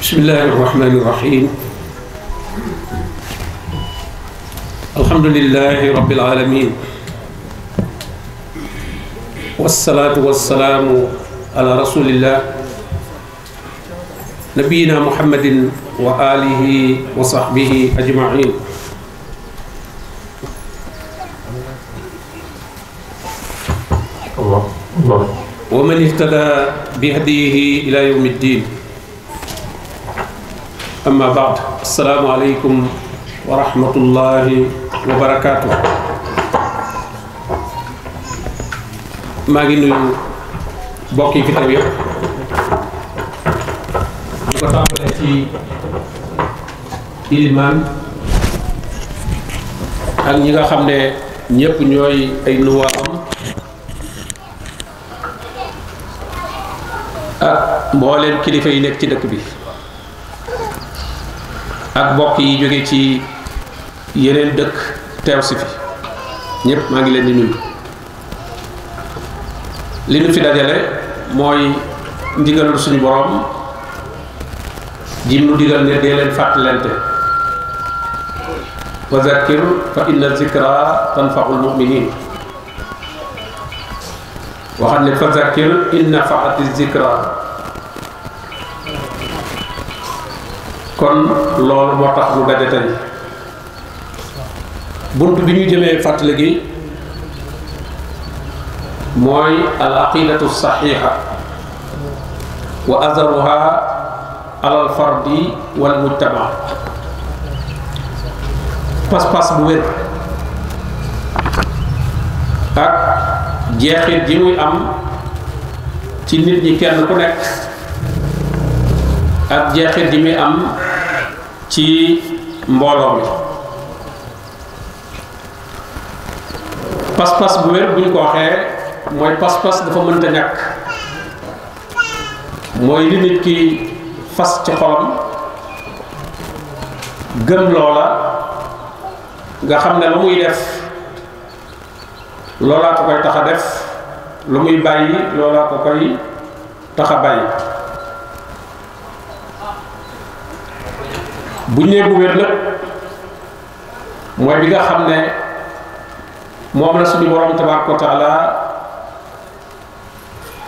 بسم الله الرحمن الرحيم الحمد لله رب العالمين والصلاة والسلام على رسول الله نبينا محمد وآله وصحبه أجمعين الله الله ومن اهتدى بهديه إلى يوم الدين amma baad asalaamualeykum wa rahmatullahi wa maa ngi nuyu mbokk yi fi teew ko tàmbalee ci ilimaan ak ñi nga xam ne ñépp ñooy ay nuwaam ak ah, mbooleem kilifa yi nekk ci dëkk bi ak mbokk yi jóge ci yeneen dëkk teew si fi ñëpp maa ngi leen di nuyu li nu fi dajale mooy ndigalul suñu borom jim nu digal ne dee leen fàttalante wa zakkir fa inna zikra tanfaul muminin waxam ne fa zakkir inna faati zikra kon loolu moo tax lu daje tey bunt bi ñu jëmee fàttali gi mooy al aqidatu saxiixa wa azaruha alal fardi wal mujtama pas-pas bu wér ak jeexit ji muy am ci nit ñi kenn ku nekk ak jeexit ji muy am ci mbooloo mi pas-pas bu wér bu ñu ko waxee mooy pas-pas dafa mënta ñàkk mooy li ki fas ci xolam gëm loola nga xam ne lu muy def loolaa ko koy tax a def lu muy bàyyi loolaa ko koy tax bàyyi bu ñu nee bu wér nag mooy bi nga xam ne moom la suñu borom tabaaraka wa taala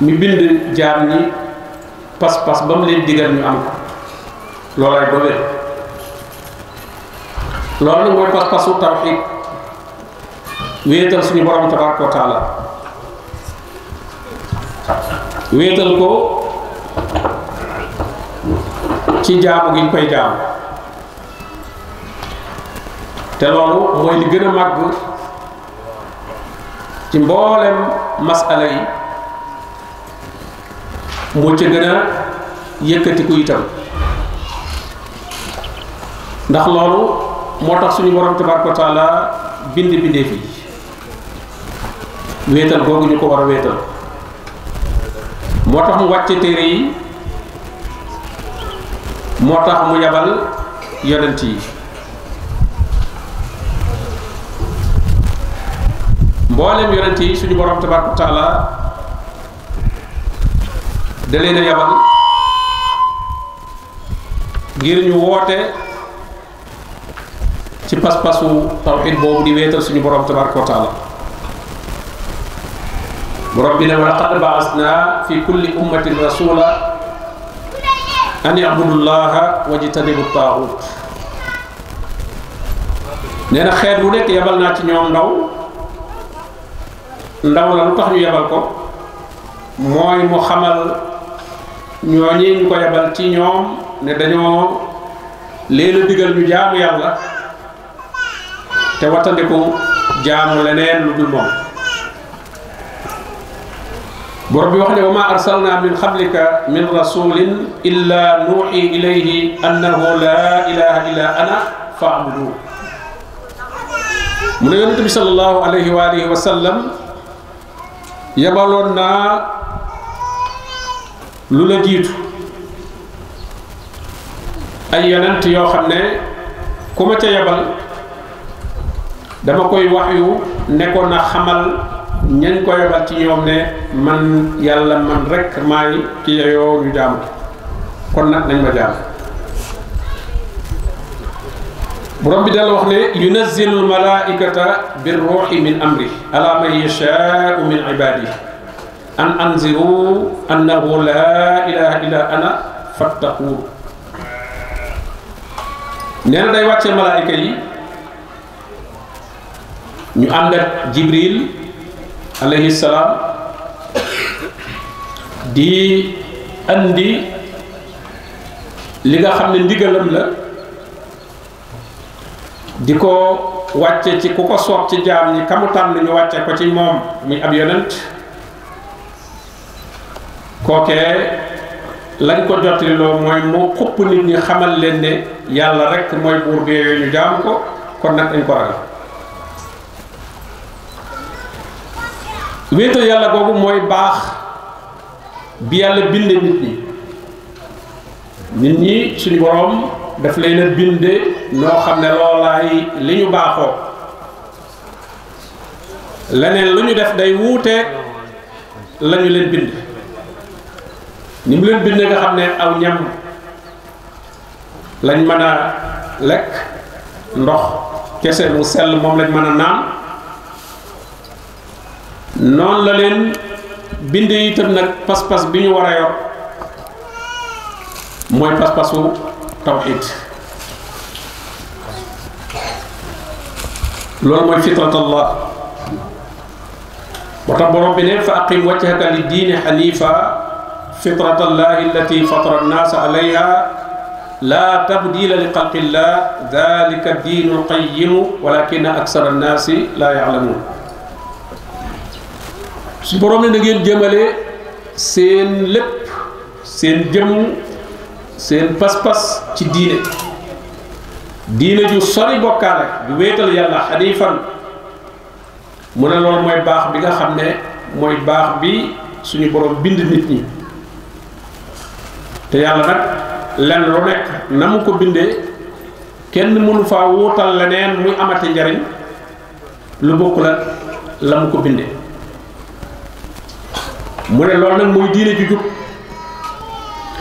mi bind jaam ñi pas-pas ba mu leen digal ñu am loolaay ba wér loolu mooy pas-pasu tawxiid wéetal suñu borom tabaaraka wa wéetal ko ci jaamu gi koy jaamu. te loolu mooy li gën a màgg ci mboolem masala yi moo ca gën a yëkkatiku itam ndax loolu moo tax suñu borom tabaraka wa taala bind bindee fi wéetal googu ñu ko war a wéetal moo tax mu wàcce téere yi moo tax mu yabal yonent yi mbooleem yonent yi suñu borom tabaraka wa taala da yabal ngir ñu woote ci pas-pasu tawxid boobu di wéetal suñu borom tabaraka wa taala borom bi ne wa baasna fi kulli ummatin rasula an yabudu llaha wajtanibu taaxut nee na xeet bu nekk yabal naa ci ñoom ndaw ndaw la lu tax ñu yebal ko mooy mu xamal ñooñi ñu ko yebal ci ñoom ne dañoo leena digal ñu jaamu yàlla te wattandiku jaamu leneen lu dul moom borom bi wax ne wa ma arsalna min qablika min rasulin illa nuuxi ilayhi annahu la ilaha illa mu ne yonente bi sallallahu alayhi wa alihi yabaloon naa lu la jiitu ay yonent yoo xam ne ku ma ca yabal dama koy wax yu nekkoon na xamal ñañ ko yabal ci ñoom ne man yàlla man rekk maay ci yeyoo ñu jaamu kon nag nañ ma jaam borom bi dal wax ne yunazzilu almalaikata birruuxi min amri ala man yashaau min ibadi an anziru annahu laa ilaha illa ana fattaquun nee na day wàcce malaayika yi ñu ànd ak jibril alayhi salaam di li nga xam ne ndigalam la di ko wàcce ci ku ko soob ci jaam yi kamu tànn ñu wàcce ko ci moom muy ab yonent kookee lañ ko jottiloo mooy moo xupp nit ñi xamal leen ne yàlla rekk mooy buur bi yooyu ñu jaam ko kon nag dañ ko ragal wéetal yàlla googu mooy baax bi yàlla binde nit ñi nit ñi suñu boroom daf lay a binde noo xam ne loolaay li ñu baaxoo leneen lu ñu def day wuuteeg la leen bind ni mu leen bind nga xam ne aw ñam lañ mën a lekk ndox kese mu sell moom lañ mën a naan noon la leen bind itam nag pas-pas bi ñu war a yor mooy pas-pasu tawxiid loolu mooy fitrat allah moo tax borom bi ne fa aqim wajhaka li diini xaniifa fitrat allah allati fatara annaasa alayha laa tabdila li xalqillah dalika diinu qayimu walakina aksara annaasi laa yalamuun su borom ne da ngeen jëmale seen lépp seen jëmm seen pas-pas ci diine diine ju sori bokkaale ju wéetal yàlla fan mu ne loolu mooy baax bi nga xam ne mooy baax bi suñu borom bind nit ñi te yàlla nag lenn lu nekk na mu ko bindee kenn mënu faa wuutal leneen muy amati njariñ lu bokkul ak la mu ko bindee mu ne lool nag muy diine ju jub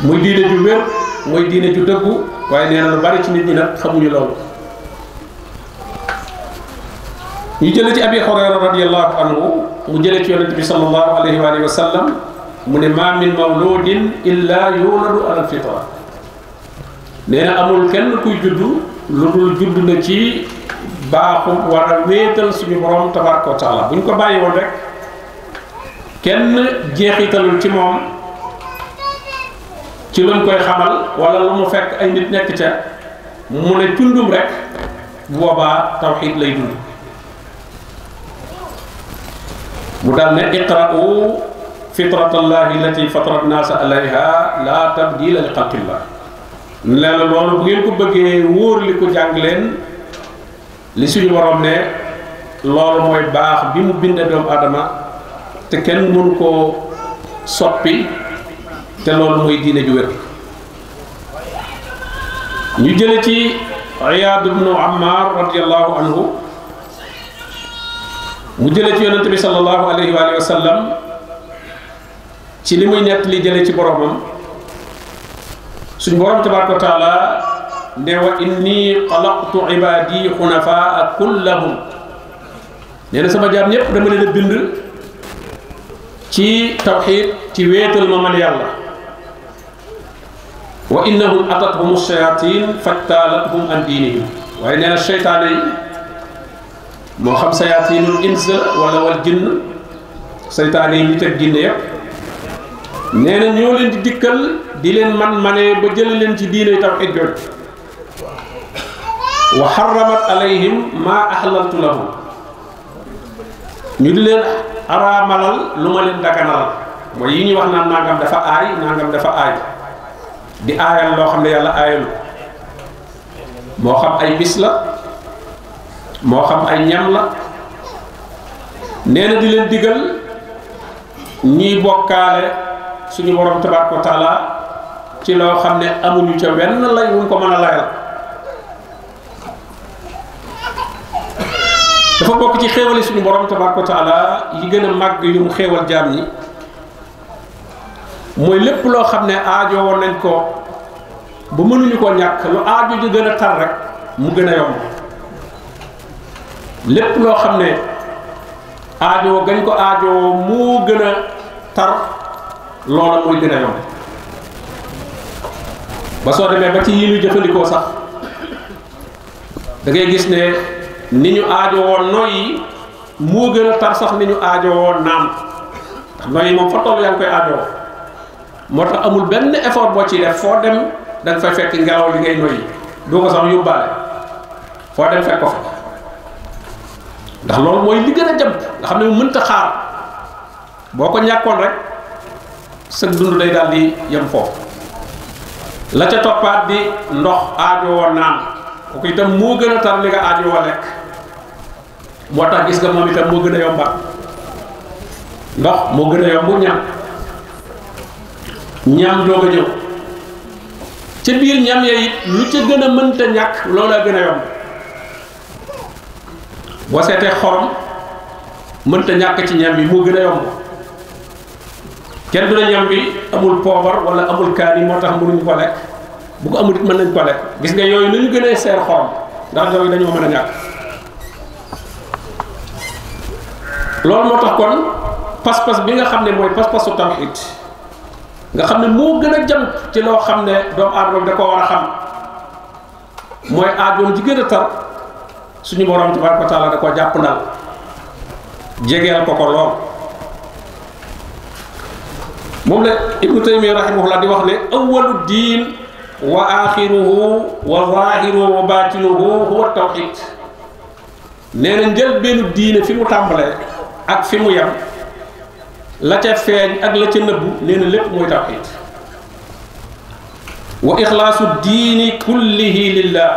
muy diine ju wér mooy diine ju dëggu waaye nee na lu bari ci nit ñi nag xamuñu loolu ñu jële ci abi xurayra radiallahu anhu mu jële ci yonente bi salallahu alayhi wa alihi mu ne ma min mawludin illa yuladu ala alfitra nee na amul kenn kuy juddu lu dul juddu na ci baaxu war a suñu borom tabaraka wa taala bu ñu ko bàyyi woon rek kenn jeexitalul ci moom ci luñ koy xamal wala lu mu fekk ay nit nekk ca mu ne tundum rek boobaa tawxiid lay dund mu daal ne iqra'u fitratallahi allati fatara nnaasa alayha la tabdila loolu bu ngeen ko bëggee wóor li jàng leen li suñu borom ne loolu mooy baax bi mu bindee doomu aadama te kenn mënu koo soppi te loolu mooy diine ju wér ñu jële ci Iyaad ibnu Ammar radiyallahu anhu mu jële ci yonente bi sallallahu alayhi wa ci li muy ñett li jële ci boromam suñ borom tabaraka wa taala ne wa inni xalaqtu ibadi xunafaa kullahum nee na sama jaam ñépp dama leen a bind ci tawxiid ci wéetal ma man yàlla wa innahum atathum shayatin fajtalathum an diinihim waaye nee na seytaane yi moo xam sayatinul ins wala wal jinn seytaane yi ñu teg jinne yëpp nee na leen di dikkal di leen man manee ba jël leen ci diine tawhid joj wa xaramat alayhim maa ahlaltu lahum ñu di leen araamalal lu ma leen daganal mooy yi ñu wax naan nangam dafa aay nangam dafa aay di aayal loo xam ne yàlla aayalu moo xam ay bis la moo xam ay ñam la nee na di leen digal ñiy bokkaale suñu borom tabaaraka wa ci loo xam ne amuñu ca wenn lay wuñ ko mën a layal dafa bokk ci xéewali suñu borom tabaaraka wa yi gën a màgg yu mu xéewal jaam ñi mooy lépp loo xam ne aajo woon nañ koo ba mënuñu ko ñàkk lu aajo ji gën a tar rek mu gën a yomb lépp loo xam ne aajo gañ ko aajo moo gën a tar loola mooy gën a yomb ba soo demee ba ci yi ñu jëfandikoo sax dangay gis ne ni ñu aajo woon noyyi moo gën a tar sax ni ñu aajo woon naan noyyi moom fa toll yaa ngi koy aajo moo tax amul benn effort boo ci def foo dem da nga fay fekk ngelaw li ngay noyyi doo ko sax yóbbaale foo dem fekk ko ndax loolu mooy li gën a jëm nga xam ne mu mënta xaar boo ko ñàkkoon rek sa dund day daal di yem foofu la ca toppaat di ndox aajowoo naan kooku itam moo gën a tar li nga aajowoo lekk moo tax gis nga moom itam moo gën a yombat ndox moo gën a yomb ñàkk ñaam doog a ñëw ca biir ñam ya it lu ca gën a mënta ñàkk loola gën a yomb boo seetee xorom mënta ñàkk ci ñam yi moo gën a yomb kenn du ne ñam bi amul poobar wala amul kaani moo tax mënuñu ko lekk bu ko amul it mën nañ ko lekk gis nga yooyu lu ñu gën a seer xorom ndax yooyu dañoo mën a ñàkk loolu moo tax kon pas-pas bi nga xam ne mooy pas-pasu tawhid nga xam ne moo gën a jëm ci loo xam ne doomu aadama da ko war a xam mooy aajoom ji gën a tar suñu borom tabaaraka wa taala da ko jàpp ndal jegeel ko ko lool moom la ibnu taymiya rahimahullah di wax ne awalu diin wa axiruhu wa zahiruhu wa batinuhu huwa tawxid nee na njëlbeenu diine fi mu tàmbalee ak fi mu yem la ca feeñ ak la ca nëbbu nee lépp mooy tawxiid wa ixlaasu diini kullihi lillah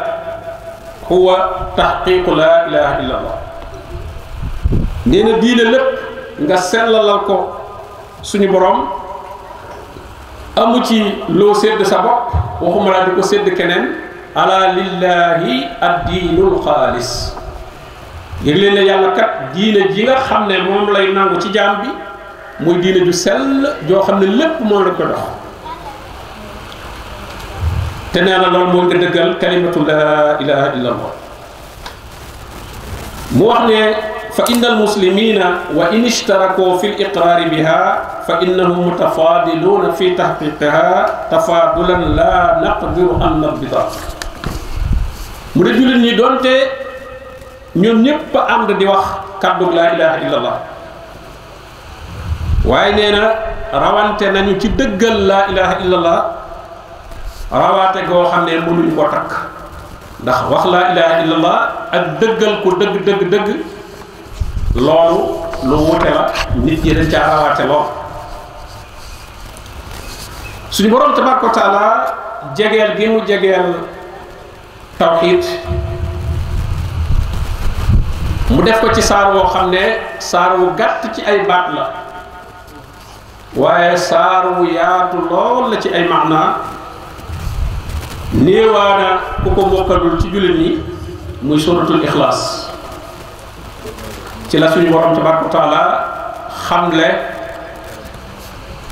huwa taxqiqu laa ilaha illa allah nee lépp nga sellalal ko suñu boroom amu ci loo sedd sa bopp waxuma laa di ko sédd keneen ala lillahi addiinul xaalis yëg leen yàlla kat diine ji nga xam ne moom lay nangu ci jaan bi muy diine ju sell joo xam ne lépp moom lañ ko dox te nee na loolu moo nga dëggal kalimatu laa ilaha illa allah mu wax ne fa inna al muslimina wa in ishtarakoo fi l iqraari biha fa innahum mutafadiluuna fi tahqiqiha tafadulan la naqdiru an nabita mu de jullit ñi doonte ñoom ñépp ànd di wax kàddug laa ilaha illa allah waaye nee na rawante nañu ci dëggal laa ilaha illallah rawaate goo xam ne mënuñu ko takk ndax wax laa ilaha illallah ak dëggal ko dëgg dëgg dëgg loolu lu wute la nit ñi dañ caa rawaate lool suñu borom tabaraka wa jegeel gi mu jegeel tawxiid mu def ko ci saar woo xam ne saar wu gàtt ci ay baat la waaye saar wu yaatu lool la ci ay maanaa néewaana ku ko mokkalul ci jullit ñi muy suratul ixlaas ci la suñu borom tabaaraka wa xamle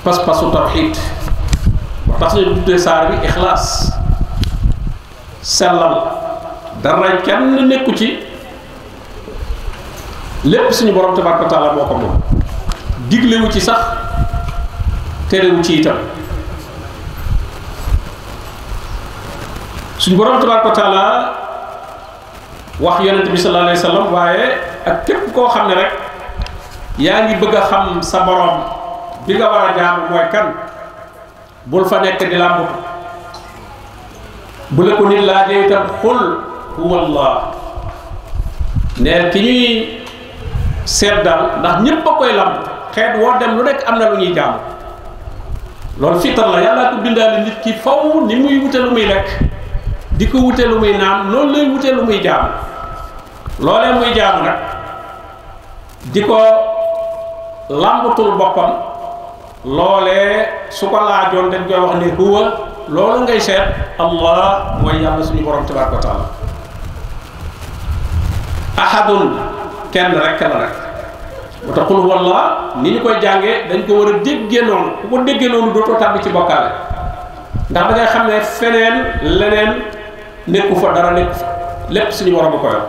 pas-pasu tawxiid ba tax ñu tuddee saar bi ixlaas sellal dara kenn nekku ci lépp suñu borom tabaaraka wa taala moo ko moom diglewu ci sax terewu ci itam suñ borom tabaaraka wa taala wax yonent bi sallallahu alayhi wa waaye ak képp koo xam ne rek yaa ngi bëgg a xam sa borom bi nga war a jaamu mooy kan bul fa nekk di làmbatu bu la ko nit laajee itam xul huwallah ne ki ñuy seet daal ndax ñépp a koy làmb xeet woo dem lu nekk am na lu ñuy jaamu loolu fital la yàllaa ko bindaale nit ki faw ni muy wute lu muy lekk di ko wute lu muy naan loolu lay wute lu muy jaamu loolee muy jaamu nag di ko làmbatul boppam loolee su ko laajoon dañ koy wax ne huwa loolu ngay seet allah mooy yàlla suñu borom tabaaraka wa taala ahadun kenn rek la rek moo tax xul walla ni ñu koy jàngee dañ ko war a déggee noonu ku ko déggee noonu dootoo tàbbi ci bokkaale ndax da xam ne feneen leneen nekku fa dara nekk lépp suñu borom a ko yor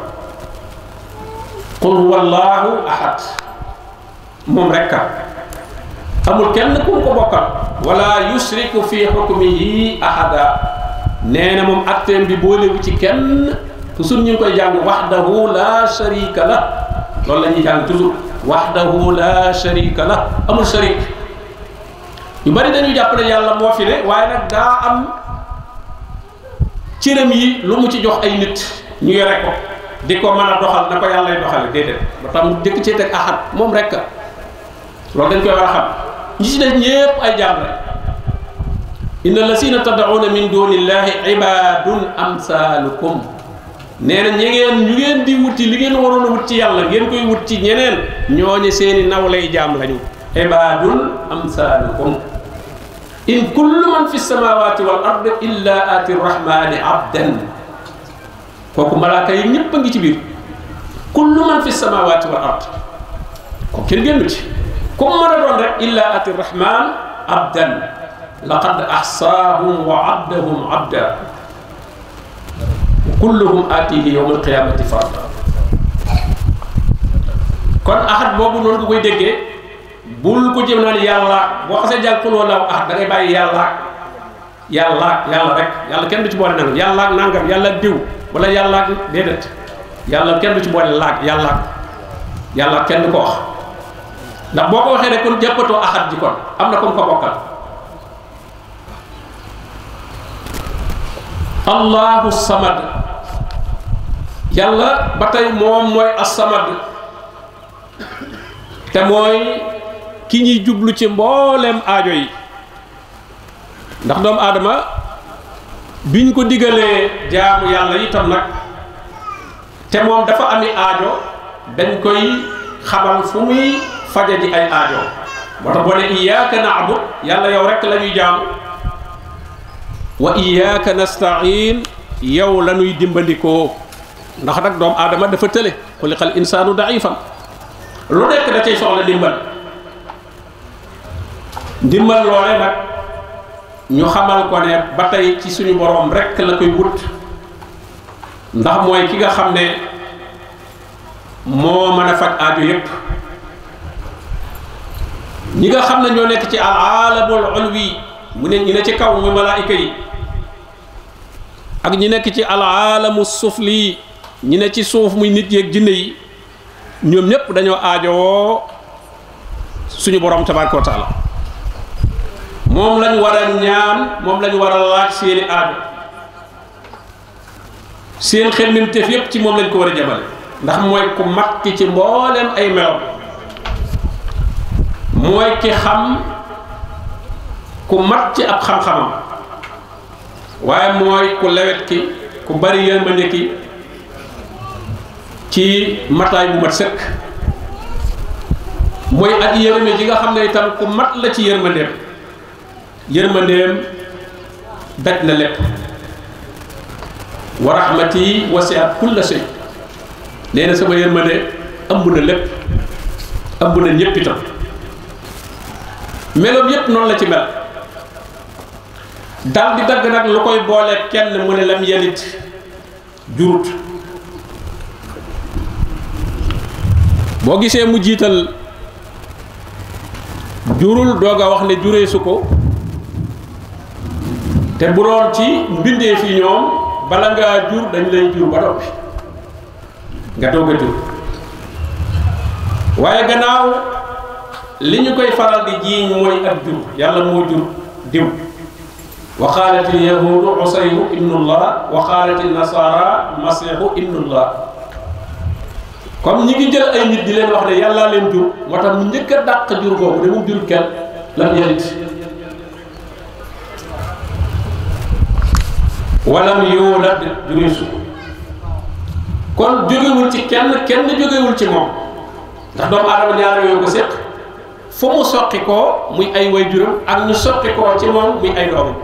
xul wallaahu ahad moom rekk amul kenn ku ko bokkal wala yusriku fi hukmihi ahada nee na moom acteem bi boolewu ci kenn toujours ñu ngi koy jàng wahdahu la sharika la loolu la ñuy jàng toujours wahdahu la sharika la amul sharik yu bari dañuy jàpp ne yàlla moo fi ne waaye nag daa am cëram yi lu mu ci jox ay nit ñu yore ko di ko mën a doxal na ko yàllay doxale déedéet ba tam dëkk cee teg ahad moom rekk loolu dañ koy war a xam ñi ci des ñépp ay jaam rek inna allasina tad'una min dunillahi ibadun amsalukum nee na ñi ngeen ñu ngeen di wuti ci li ngeen waroon a wut ci yàlla ngeen koy wut ci ñeneen ñooñu seeni naw lay jaam lañu ibaadun amsaalukum in kullu man fi samawati wal ard illa ati rahmani abdan ci biir kullu ko kenn génnu ci ku mën a doon rek illa ati rahman abdan laqad ahsaahum wa addahum abda kulluhum aatihi yawmal qiyaamati farda kon ahad boobu koy déggee bul ko jëm naan yàlla boo xasee jàng xul wallaahu ahad da bàyyi yàlla yàlla yàlla rek yàlla kenn du ci boole nangam yàlla nangam yàlla diw wala yàlla déedéet yàlla kenn du ci boole laa yàlla yàlla kenn ko wax ndax boo ko waxee rek kon jàppatoo ahad ji kon am na comme ko bokkal allahu samad yàlla ba tey moom mooy asamad te mooy ki ñuy jublu ci mbooleem aajo yi ndax doom aadama biñ ko digalee jaamu yàlla itam nag te moom dafa ami aajo dañ koy xamal fu muy faje di ay aajo moo tax boo ne iyyaka yàlla yow rekk lañuy ñuy jaamu wa iyyaka nasta'in yow lañuy ñuy dimbandikoo ndax nag doom aadama dafa tële xuliqal insaanu daifan lu nekk da cay soxla ndimbal ndimbal loole nag ñu xamal ko ne ba tey ci suñu boroom rekk la koy wut ndax mooy ki nga xam ne moo mën a faj aaju yépp ñi nga xam ne ñoo nekk ci al aalamul ulwi mu ne ñi ne ci kaw muy malaayika yi ak ñi nekk ci al aalamu sufli ñi ne ci suuf muy nit yeeg jinne yi ñoom ñépp dañoo aajowoo suñu borom tabaaraka wa taala moom lañu war a ñaan moom lañu war a laaj seeni aajo seen xemmimteef yépp ci moom lañ ko war a jabale ndax mooy ku mag ki ci mbooleem ay meew mooy ki xam ku mag ci ab xam-xamam waaye mooy ku lewet ki ku bari yërmande ki ci mataay bu mat sëkk mooy ak yërmande ji nga xam ne itam ku mat la ci yërmandeem yërmandeem daj na lépp wa rahmati wasi'at kulla shay nee na sama yërmande ëmb na lépp ëmb na ñëpp meloom yépp noonu la ci mel daldi dagg nag lu koy boole kenn mu ne lem yelit jurut boo gisee mu jiital jurul doog wax ne juree su ko te buroon ci mbindee fi ñoom bala ngaa jur dañ lay jur ba noppi nga doog waaye gannaaw li ñu koy faral di jiiñ mooy ak jur yàlla moo jur diw wa qaalat il yahudu usayru ibnullah wa qaalat il nasara kon ñi ngi jël ay nit di leen wax ne yàllaa leen jur moo tax mu njëkk dàq jur boobu de mu jur kenn lam yalit walam kon jógewul ci kenn kenn jógewul ci moom ndax doomu aadama ñaar yooyu ko séq fu mu soqi koo muy ay way juróom ak ñu soqi koo ci moom muy ay doomam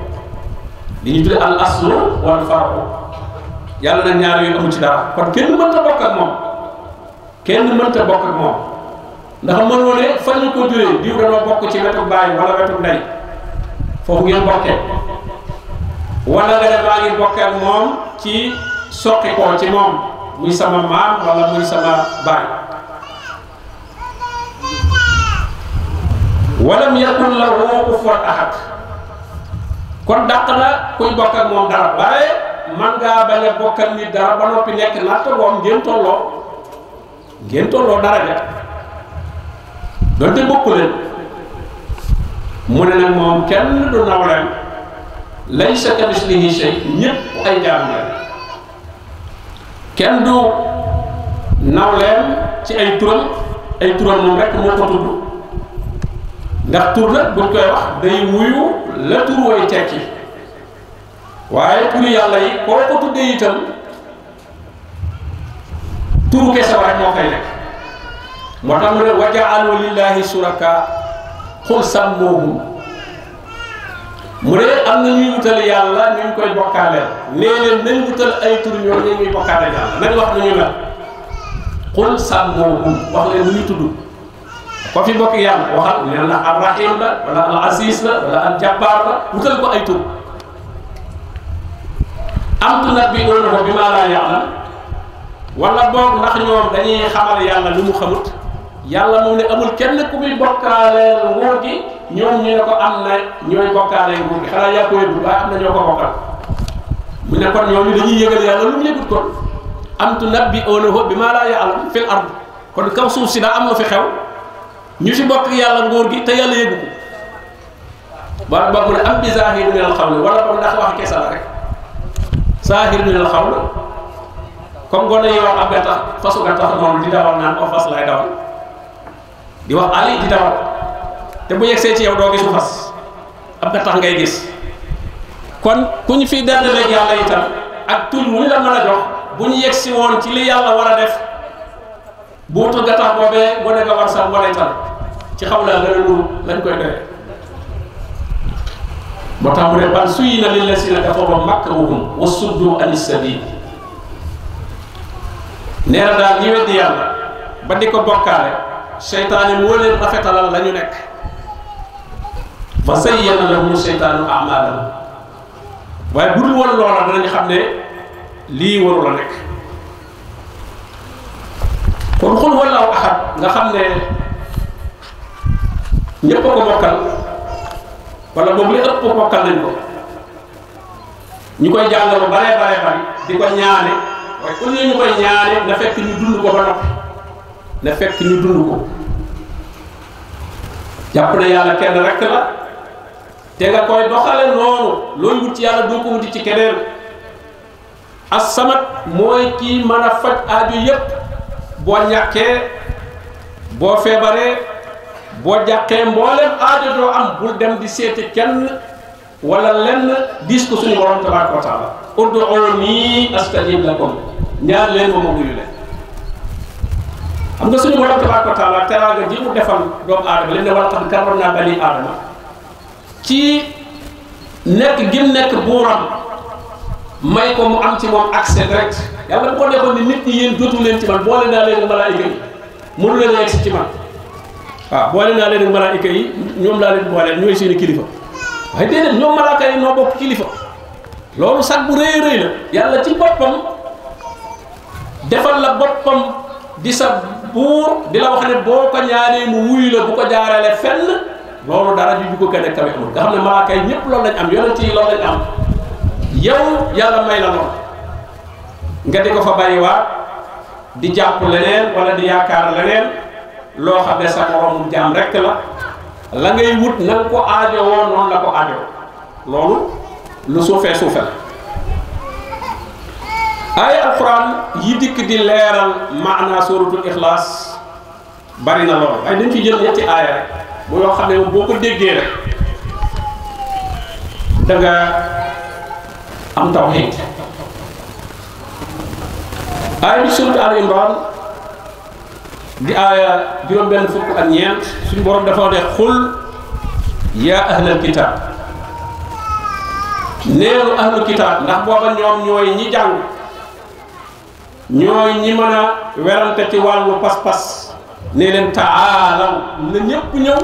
li ñu tuddee al aslu wal farqu yàlla na ñaar yooyu amu ci dara kon kenn mënta bokk ak moom kenn mënta bokk ak moom ndax mënoo ne fan la ko juree diw dañoo bokk ci wetu baay wala wetu ndey foofu ngeen bokkee wala nga ne maa ngi bokkee moom ci soqi koo ci moom muy sama maam wala muy sama baay walam yakun la woo ko for ahad kon dàq na kuy bokk moom dara waaye man ngaa bañ a bokk ak dara ba noppi nekk natt boo am tolloo ngeen tolloo daraja donte bokk leen mu ne nag moom kenn du nawleen laysa kamislihi shay ñëpp ay jaam la kenn du nawleen ci ay turam ay turam moom rek moo ko tudd ndax tur la buñ koy wax day wuyu la tur way tekki waaye turu yàlla yi koo ko tuddee itam turu kese wa rek moo koy nekk moo tax mu ne wa jaalu lillahi suraka xul sàmmoohum mu ne am na ñuy wutal yàlla ñu koy bokkaaleel nee leen nañ wutal ay tur ñoo ñu ñuy bokkaaleel yàlla nañ wax nañu mel xul sàmmoohum wax leen lu ñu tudd ko fi bokk yàlla waxal nee na al rahim la wala al asis la wala al jabbaar la wutal ko ay tur am tu nag bi doon ko bi maa laa yàlla wala boog ndax ñoom dañuy xamal yàlla lu mu xamut yàlla moom ne amul kenn ku muy bokkaaleel nguur gi ñoom ñu ko am na ñooy bokkaaleel nguur gi xanaa yaa ko yëgul waaye am na ñoo ko bokkal mu ne kon ñoom dañuy yëgal yàlla lu mu yëgut kon am tunabbi'uunahu bimaa laa ya'lam fil ard kon kaw suuf si daa am na fi xew ñu si bokk yàlla nguur gi te yàlla yëgu ko ba ba mu ne am bi zaahir min al xawl wala boog ndax wax kese la rek zaahir min comme gone yi wax ab gattax fasu gattax noonu di dawal naan aw oh, fas lay dawal di wax ali di dawal te bu yegsee ci yow doo gisu fas ab gattax ngay gis kon ku ñu fi dend rek yàlla itam ak tuñ mu ñu la mën a jox bu ñu yegsi woon ci li yàlla war a def buutu gattax boobee gone nga war sax gone tal ci xaw laa gën a nuru lañ koy doyee moo tax mu ne ban suy na lil lazina kafaru makruhum wa suddu anis sabil nee na daal ñi weddi yàlla ba di ko bokkaale seytaane moo leen rafetalal la ñu nekk fa zayyana lahum seytaanu amalahum waaye bu dul loola danañ xam ne lii waru la nekk kon xul wallaahu ahad nga xam ne ñépp a ko bokkal wala boobu li ëpp bokkal nañ ko ñu koy jàngal ba bare bare bari di ko ñaane waaye au lieu ñu koy ñaane na fekk ñu dund ko ba noppi na fekk ñu dund ko jàpp na yàlla kenn rek la te nga koy doxale noonu looy wut ci yàlla doo ko wuti ci keneen as mooy kii mën a faj aajo yépp boo ñàkkee boo feebaree boo jàqee mboolem aajo doo am bul dem di seeti kenn wala lenn diis ko suñu borom tabaaraka wa taala ud'uuni astajib lakum ñaar leen moom amuñu leen xam nga suñu borom tabaaraka wa taala teraanga ji mu defal doomu aadama leen ne wala xam karam naa bani aadama ci nekk gim nekk buuram may ko mu am ci moom accès rek yàlla bu ko defoon ni nit ñi yéen dootu leen ci man boole naa leen malaayika yi mënu leen yegg si ci man waaw boole naa leen malaayika yi ñoom laa leen booleel ñooy seeni kilifa waaye déedéet ñoom malaaka yi noo bokk kilifa loolu sax bu rëy rëy defal la boppam di sa buur di la wax ne boo ko ñaanee mu wuyu la bu ko jaarale fenn loolu dara ju ko gën a kawe amul nga xam ne malaaka yi ñëpp loolu lañ am yonent yi loolu lañ yow yàlla may la lool nga di ko fa bàyyiwaat di jàpp leneen wala di yaakaar leneen loo xam ne sa moromu jaam rekk la la ngay wut na ko ko woo noonu la ko aajowoo loolu lu suufee suufe la aaya alquran yi dikk di leeral maanaa suratul ixlaas bari na lool waaye dañ ci jël ñetti aaya mu yoo xam ne boo ko déggee rek da am tawxiid aaya bi di aaya ñeent suñu borom dafa ne xul yaa ahlal kitaab neenu ahlul kitaab ndax booba ñoom ñooy ñi jàng ñooy ñi mën a werante ci wàllu pas-pas ne leen taalaw na ñépp ñëw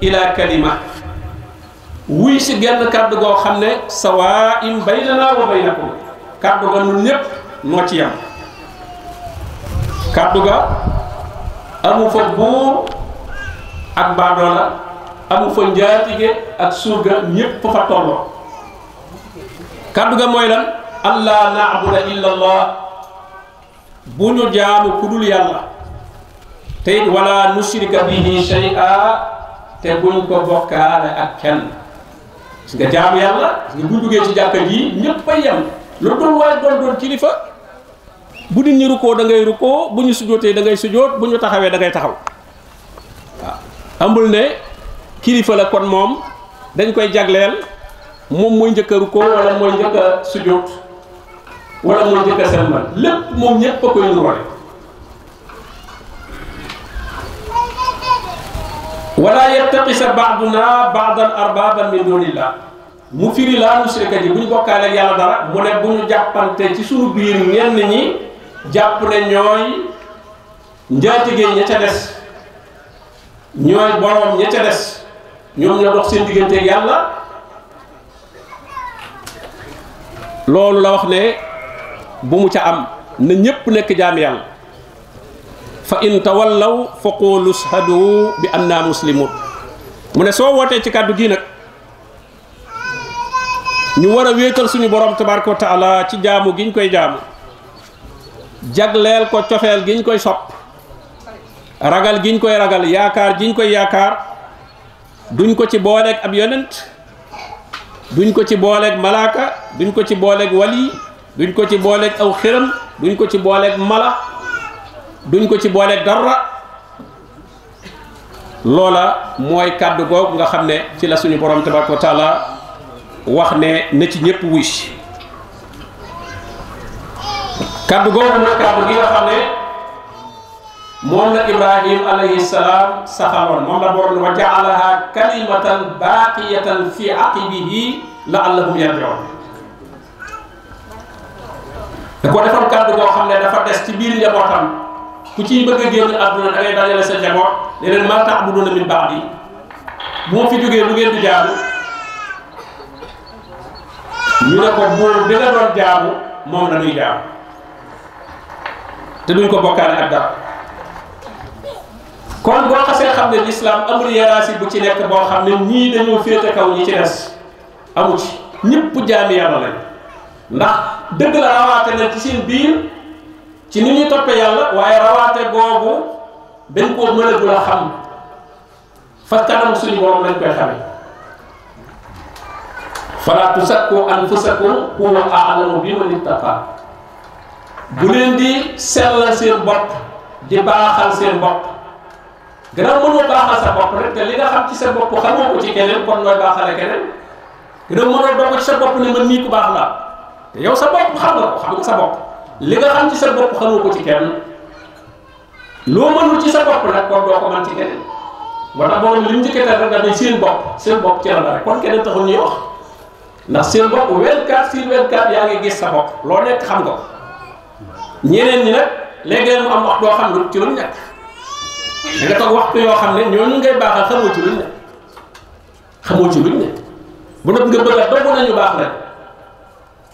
ila kalima wuy si genn kàddu goo xam ne sawaa im baynanaa wa baynakum kàddu ga nun ñépp noo ci yam kàddu ga amu fa buur ak baadoola amu fa njaatige ak surga ñépp fa tolloo kàddu ga moy la allah naabuda illa allah bu ñu jaamu ku dul yàlla te it wala nushrika bihi shay'a te buñ ko bokkaale ak kenn gis nga jaamu yàlla nga buñ ci jàkka ji ñëpp a yem lu dul waay doon doon kilifa bu nit ñi rukkoo da rukkoo bu ñu sujootee da ngay sujoot bu ñu taxawee da ngay taxaw waaw amul ne kilifa la kon moom dañ koy jagleel moom mooy njëkk a rukkoo wala mooy njëkk a wala mu nekk personne ba lépp moom ñëpp a koy nuroole wala yattaqisa baaduna baadan arbaban min dunillah mu firi laa musrika ji bu ñu bokkaale ak yàlla dara mu ne bu ñu jàppante ci suñu biir ñenn ñi jàpp ne ñooy njaatige ña ca des ñooy boroom ña ca des ñoom ñoo dox seen digganteeg yàlla loolu la wax ne bu mu ca am na ñépp nekk jaam yàlla fa in tawallaw fa qulu shhadu bi anna muslimun mu ne soo wootee ci kàddu gi nag ñu war a wéetal suñu borom tabaraka wa taala ci jaamu giñ koy jaamu jagleel ko cofeel giñ koy sopp ragal giñ koy ragal yaakaar giñ koy yaakaar duñ ko ci booleeg ab yonent duñ ko ci booleeg malaaka duñ ko ci booleeg wali duñ ko ci booleeg aw xiram duñ ko ci booleeg mala duñ ko ci booleeg dara loola mooy kàddu googu nga xam ne ci la suñu borom tabaraka wa taala wax ne na ci ñépp wuy si kàddu googu mooy kàddu gi nga xam ne moom la ibrahim alayhi salaam saxaloon moom la borom wa jaalaha kalimatan baaqiyatan fi aqibihi la allahum yarjiun te ko defoon kàddu goo xam ne dafa des ci biir njabootam ku ciy bëgg a génn àdduna da ngay dajale sa njaboot ne leen maa ta'buduuna min ba'di bu ma fi jógee lu ngeen di jaamu ñu ne ko buur bi nga doon jaamu moom la jaamu te duñ ko bokkaale ak dara kon boo xasee xam ne lislaam amul yaraasi bu ci nekk boo xam ne ñii dañoo féete kaw ñi ci des amu ci ñëpp jaami yàlla lañ ndax dëgg la rawaate na ci seen biir ci ni ñuy toppee yàlla waaye rawaate googu dañ koo mënagul a xam fa kanam suñu borom lañ koy xame fala tusakku anfusakum huwa a'lamu biman ittaqa bu leen di sellal seen bopp di baaxal seen bopp gannaaw mënoo baaxal sa bopp rek te li nga xam ci sa bopp xamoo ko ci keneen kon nooy baaxale keneen gannaaw mënoo doog ci sa bopp ne man nii ku baax la yow sa bopp xam nga ko xam nga sa bopp li nga xam ci sa bopp xamoo ko ci kenn loo mënul ci sa bopp nag kon doo ko mën ci keneen wala borom li mu njëkkee rek da ngay seen bopp seen bopp ci la dara kon keneen ñuy wax ndax seen bopp 24 sur 24 yaa ngi gis sa bopp loo nekk xam ko ñeneen ñi nag léeg-léeg mu am wax doo xam lu ci lu nekk da nga toog waxtu yoo xam ne ñooñu ngay baaxal xamoo ci luñ nekk xamoo ci luñ nekk bu nag nga bëgg a dogu nañu baax rek.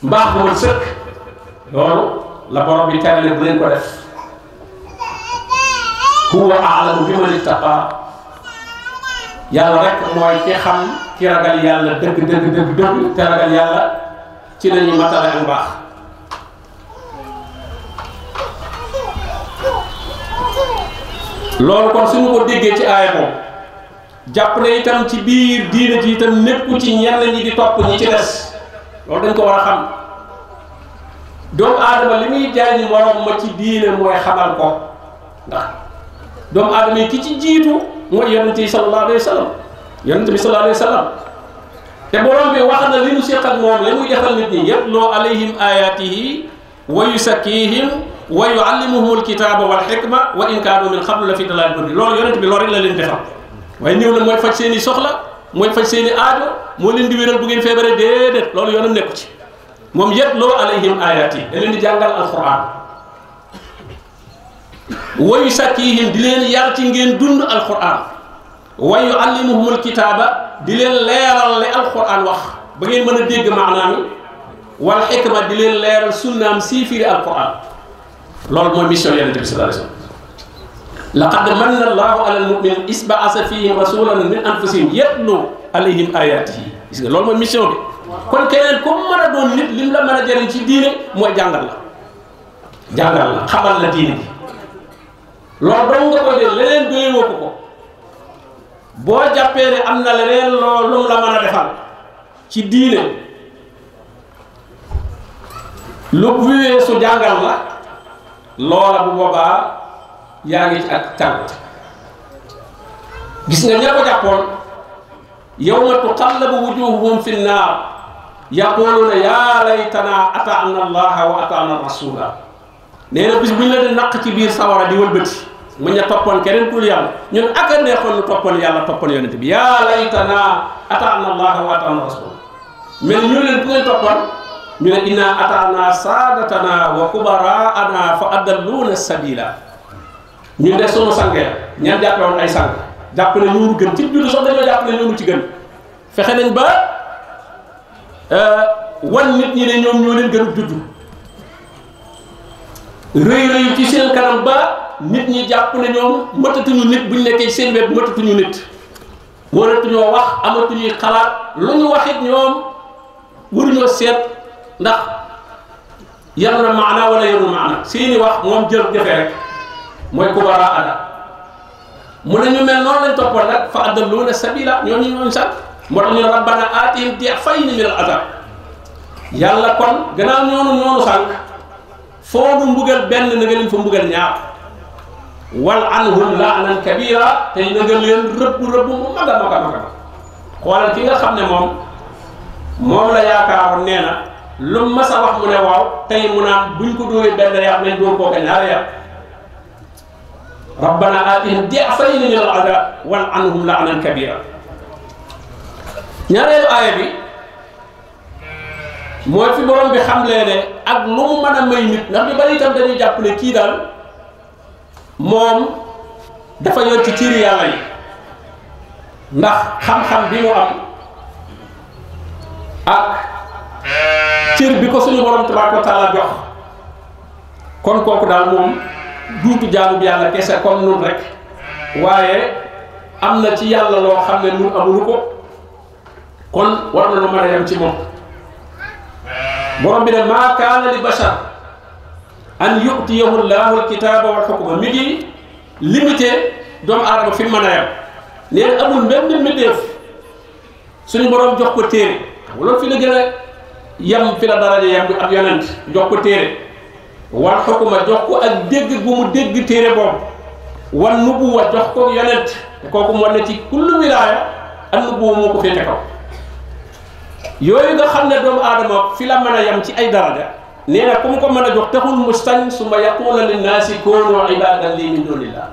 mbaax bu sëkk loolu la borom bi terale bu leen ko def huwa aalamu bi man ittaqa yàlla rek mooy ki xam ragal yàlla dëgg dëgg dëgg dëgg te ragal yàlla ci la ñuy matale mbaax loolu kon suñu ko déggee ci aaya moom jàpp itam ci biir diina ji itam nekku ci ñenn ñi di topp ñi ci des loolu dañ ko war a xam doomu aadama li muy jariñ moroom ma ci diine mooy xamal ko ndax doomu aadama yi ki ci jiitu mooy yonent yi sallallahu alayhi wa sallam yonent bi sallallahu alayhi wa sallam te borom bi wax na li nu seq ak moom la muy defal nit ñi yatloo alayhim ayatihi wa yusakkihim wa yuallimuhum alkitaba wal xikma wa in kaanu min qablu la fi dalal loolu yonent bi loolu rek la leen defal waaye ñëw na mooy faj seeni soxla mooy faj seeni aajo moo leen di wéral bu ngeen feebaree déedéet loolu yoonam nekku ci moom yatloo alayhim ayaati da leen di jàngal alquran wa yusakkihim di leen yar ci ngeen dund alquran wa yuallimuhumul kitaaba di leen leeral li alquran wax ba ngeen mën a dégg maanaam wal xikma di leen leeral sunnaam sii firi alquran loolu mooy mission yonente bi sallallahu laqad manna allahu ala almuminin is baasa fihim rasulan min anfusihim yatlu alayhim ayatihi gis nga loolu mooy mission bi kon keneen comme mën doon nit lim la mën a jëriñ ci diine mooy jàngal la jàngal la xamal la diine bi loolu dong nga koy def leneen doyewoo ko ko boo jàppee ne am na leneen loo lum la mën a defal ci diine lu bu weesu jàngal la loola bu boobaa yaa ngi ci ak tànk gis nga ña ko jàppoon yawma fi nnaar yaquluuna yaa laytana ataana allaha wa ataana rasula nee na bis bu ñu la di naq ci biir sawara di wëlbëti mu ña toppoon keneen ku yàlla ñun ak a neexoon nu toppoon yàlla toppoon yonent bi yaa laytana ataana allaha wa ataana rasula mais ñu leen ku ngeen toppoon ñu ne inna ataana saadatana wa kubaraana fa adalluuna sabila ñun de sunu sang ya ñaan jàppe woon ay sang jàpp ne ñoo gën ci julli sax dañoo jàpp ne ñoo ci gën fexe nañ ba euh, wan nit ñi ne ñoom ñoo leen gën a juddu rëy rëyu ci seen kanam ba nit ñi jàpp ne ñoom mëtatuñu nit bu ñu nekkee seen wet mëtatuñu nit ñoo wax amatuñuy xalaat lu ñu waxit ñoom waruñoo seet ndax yar na maana wala yarul maana seeni wax moom jël jafe rek mooy ku war a ànd mu ne ñu mel noonu lañ toppoon nag fa adalluuna sabila ñooñu ñooñu sax moo tax ñu rabbana aatihim difayni min al azab yàlla kon gannaaw ñoonu ñoonu sànq foo bu mbugal benn na nga leen fa mbugal ñaar wal anhum laanan kabira te na nga leen rëbb rëbb mu mag a mag xoolal ki nga xam ne moom moom la yaakaar nee na lu mas a wax mu ne waaw tey mu naan buñ ko dóoree benn yàq nañ dóor kooka ñaari yàq rabbana atihim di'fayni min al-'adab wal anhum la'nan kabira ñaareelu aaya bi mooy fi borom bi xamlee ne ak lu mu mën a may nit ndax ñu bari itam dañuy jàpp kii daal moom dafa yor ci ciiri yàlla yi ndax xam-xam bi mu am ak cir bi ko suñu borom tabaaraka wa taala jox kon kooku daal moom duutu jaamub yàlla kese comme nun rek waaye am na ci yàlla loo xam ne nun amuñu ko kon war na nu mën ci moom borom bi ne maa kaana li bashar an yu'tiyahu llaahu alkitaaba wal xukma mi ngi limité doomu aadama fi mu mën a yem nee amul benn mbindeef suñu borom jox ko téere loolu fi la gën a fi la daraja yem bi ab yonent jox ko téere wal xukuma jox ko ak dégg bu mu dégg téere boobu wan nubuwa jox ko yonent kooku moo ne ci kullu wilaaya ak nubuwa moo ko féete kaw yooyu nga xam ne doomu aadama fi la mën a yam ci ay daraja nee na ku mu ko mën a jox taxul mu sañ suma yaquuna linnaasi koonoo ibaadan lii min duunillah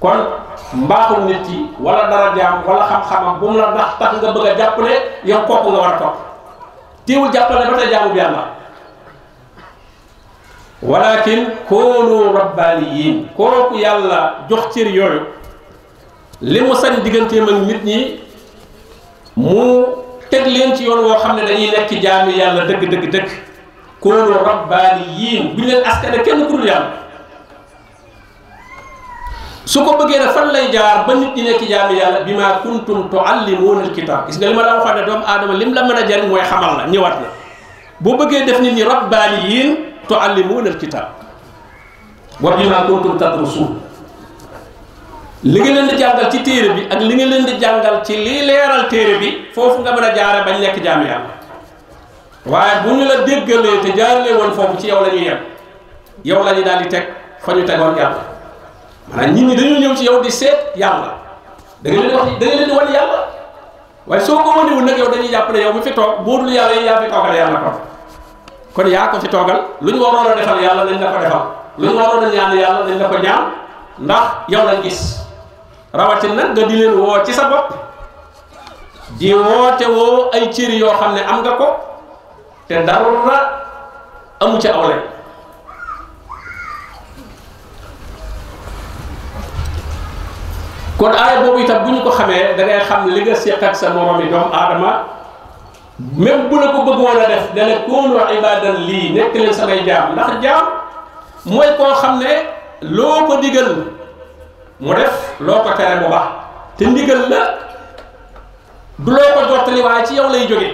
kon mbaaxul nit yi wala darajaam wala xam-xamam bu mu la ndax tax nga bëgg a jàppale yow kooku nga war a topp teewul jàppale ba tey jaamu bi walakin koonu rabbaaniyiin kooku yàlla jox cër yooyu li mu sañ diggantee ak nit ñi mu teg leen ci yoon woo xam ne dañuy nekk jaami yàlla dëgg dëgg dëgg koonu rabbaaniyiin bu ñu leen askane kenn ku dul yàlla su ko bëggee na fan lay jaar ba nit ñi nekk jaami yàlla bi maa kuntum tuallimuuna alkitaab gis nga li ma la waxoon ne doomu aadama lim la mën a jariñ mooy xamal la ñëwaat na boo bëggee def nit ñi rabbaaniyiin tuallimuuna alkitaab wa bimaa kuntum tadrusuun li nga leen di jàngal ci téere bi ak li nga leen di jàngal ci lii leeral téere bi foofu nga mën a jaare bañ nekk jaam yàlla waaye bu ñu la déggalee te jaaralee foofu ci yow la ñuy yem yow la ñu daal di teg fa ñu tegoon yàlla maanaam nit ñi dañoo ñëw ci yow di seet yàlla da leen wax da leen di wan yàlla waaye soo ko wëndiwul nag yow dañuy yàpp na yow mi fi toog buudul yàlla yi yaa fi toogal yàlla kon kon yaa ko fi toogal lu ñu waroon a defal yàlla dañ la ko defal lu ñu waroon a ñaan yàlla dañ la ko ñaan ndax yow lañ gis rawatin nag nga di woo ci sa bopp di woote ay cër yoo xam ne am nga ko te dara amu ci aw lay kon aaya boobu itam bu ñu ko xamee da ngay xam li nga seq ak sa morom yi doomu aadama même bu la ko bëggoon a def dana koonu ibadan lii nekk leen samay jaam ndax jaam mooy koo xam ne loo ko digal mu def loo ko tere mu baax te ndigal la du ko jottali ci yow lay jóge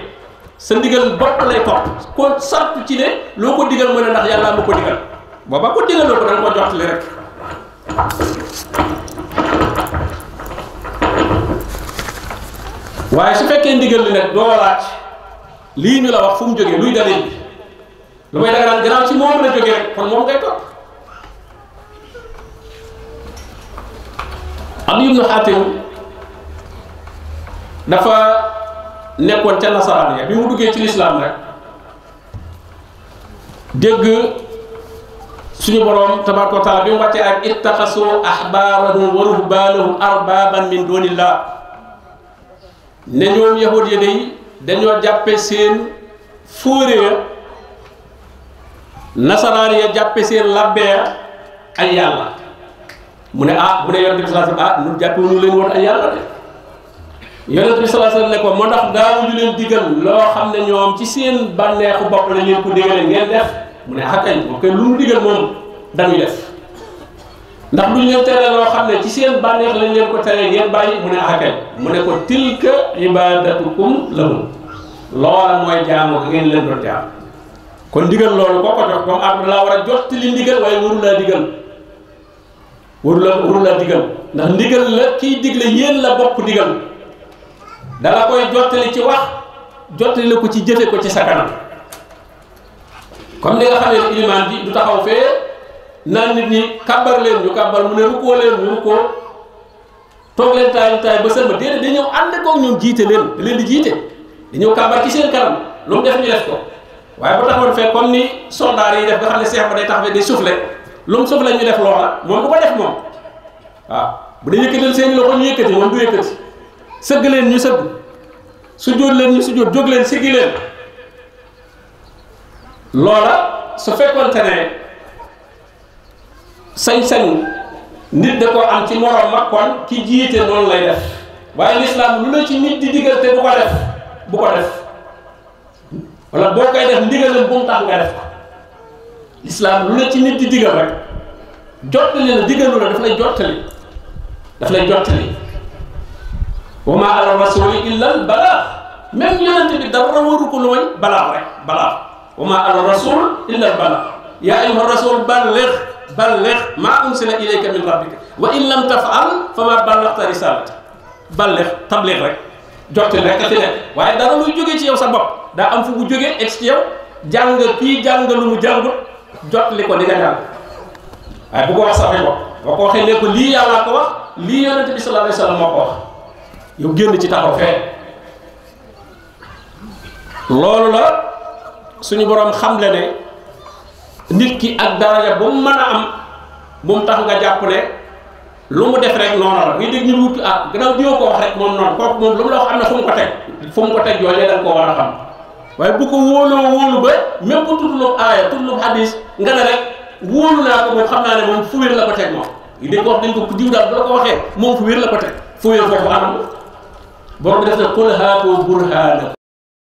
sa ndigal bopp lay topp kon sartu ci ne loo ko digal mën a ndax yàlla mu ko digal booba ko digal loo ko danga ko jottali rek waaye su fekkee ndigal li nag doo laaj lii ñu la wax fu mu jógee luy dalil bi lu may daga naan ci moom la jóge rek kon moom ngay topp Ali ibnu ca nasaraan ya bi mu ci lislaam rek boroom tabaaraka bi mu ak ittaxasu ahbaarahum wa ruhbaanahum arbaaban min duunillah ne ñoom yahud ya day dañoo jàppe seen fóore ya nasaraan ya jàppe seen labbe ya ay yàlla mu ne ah mu ne yonent bi sallallahu alayhi wasallam ah ñun jàppe ñu leen woon ay yàlla de yonent bi sallallahu ne ko moo ndax daaw ñu leen digal loo xam ne ñoom ci seen bànneexu bopp la leen ko digale ngeen def mu ne ah kay bu lu mu digal moom dañuy def ndax duñ leen tere loo xam ne ci seen bànneex lañ leen ko tere ngeen bàyyi mu ne akay mu ne ko tilka ibadatukum lahum loola mooy jaamu ko ngeen leen doon jaam kon ndigal loolu boo ko jox laa war a jottali ndigal waaye waru laa digal waru la waru laa digal ndax ndigal la kiy digle yéen la bokk digal dala koy jottali ci wax jottali la ko ci jëfe ko ci sa kanam comme ni nga xam bi du taxaw fee naan nit ñi kàbbar ñu kàbbar mu ne rukkoo leen ñu rukkoo toog leen taay taay ba sën ba déedéet dañu ñëw ànd koog ñoom jiite leen da leen di jiite dañu ñëw kàbbar ci seen kanam lu mu def ñu def ko waaye bu taxoon fee comme ni soldaar yi def nga xam ne seex ba day tax ba day soufflé lu mu soufflé ñu def loola moom du ko def moom waaw bu dee yëkkatil seen loxo ñu yëkkati moom du yëkkati sëgg leen ñu sëgg sujjóot leen ñu sujjóot jóg leen siggi leen loola su fekkoonte ne sañ-sañu nit da ko am ci morom ma kon ki jiite noonu lay def waaye lislaam lu la ci nit di digal te du ko def bu ko def wala boo koy def ndigalam bu mu nga def lislaam lu la ci nit di digal rek jottali la digalu la daf lay jottali daf lay jottali wa maa ala rasuli illa al balaax bi dara waru ko lu may balaax rek balaax wa maa ala rasul illa al balaax yaa ayyuha balligh maa unsila ilayka min rabbika wa in lam tafal fa ma ballaghta risalata balligh tabligh rek jottali rek a fi nekk waaye dara luy jógee ci yow sa bopp daa am fu bu jógee egg ci yow jàng kii jàng lu mu jàngut jottali ko li nga jàng waaye bu ko wax saxee bopp boo ko waxee ne lii yàllaa ko wax lii yonent bi sallallahu alayhi wasallam moo ko wax yow génn ci taxaw fee loolu la suñu borom xamle ne. nit ki ak daraja bu mu mën a am bu tax nga jàpp ne lu mu def rek noonu la buy dégg ñu wut ah gannaaw diwoo ko wax rek moom noonu kooku moom lu mu la wax am na fu teg fu mu ko teg yooyu da nga ko wóoloo ba même bu tuddloo aaya tuddloo hadis nga ne rek naa ko moom xam naa ne moom fu wér la ko teg moom li dégg wax dañ ko ku diw daal bu la ko waxee moom fu wér la ko teg fu wér foofu anam borom bi def na qul haatu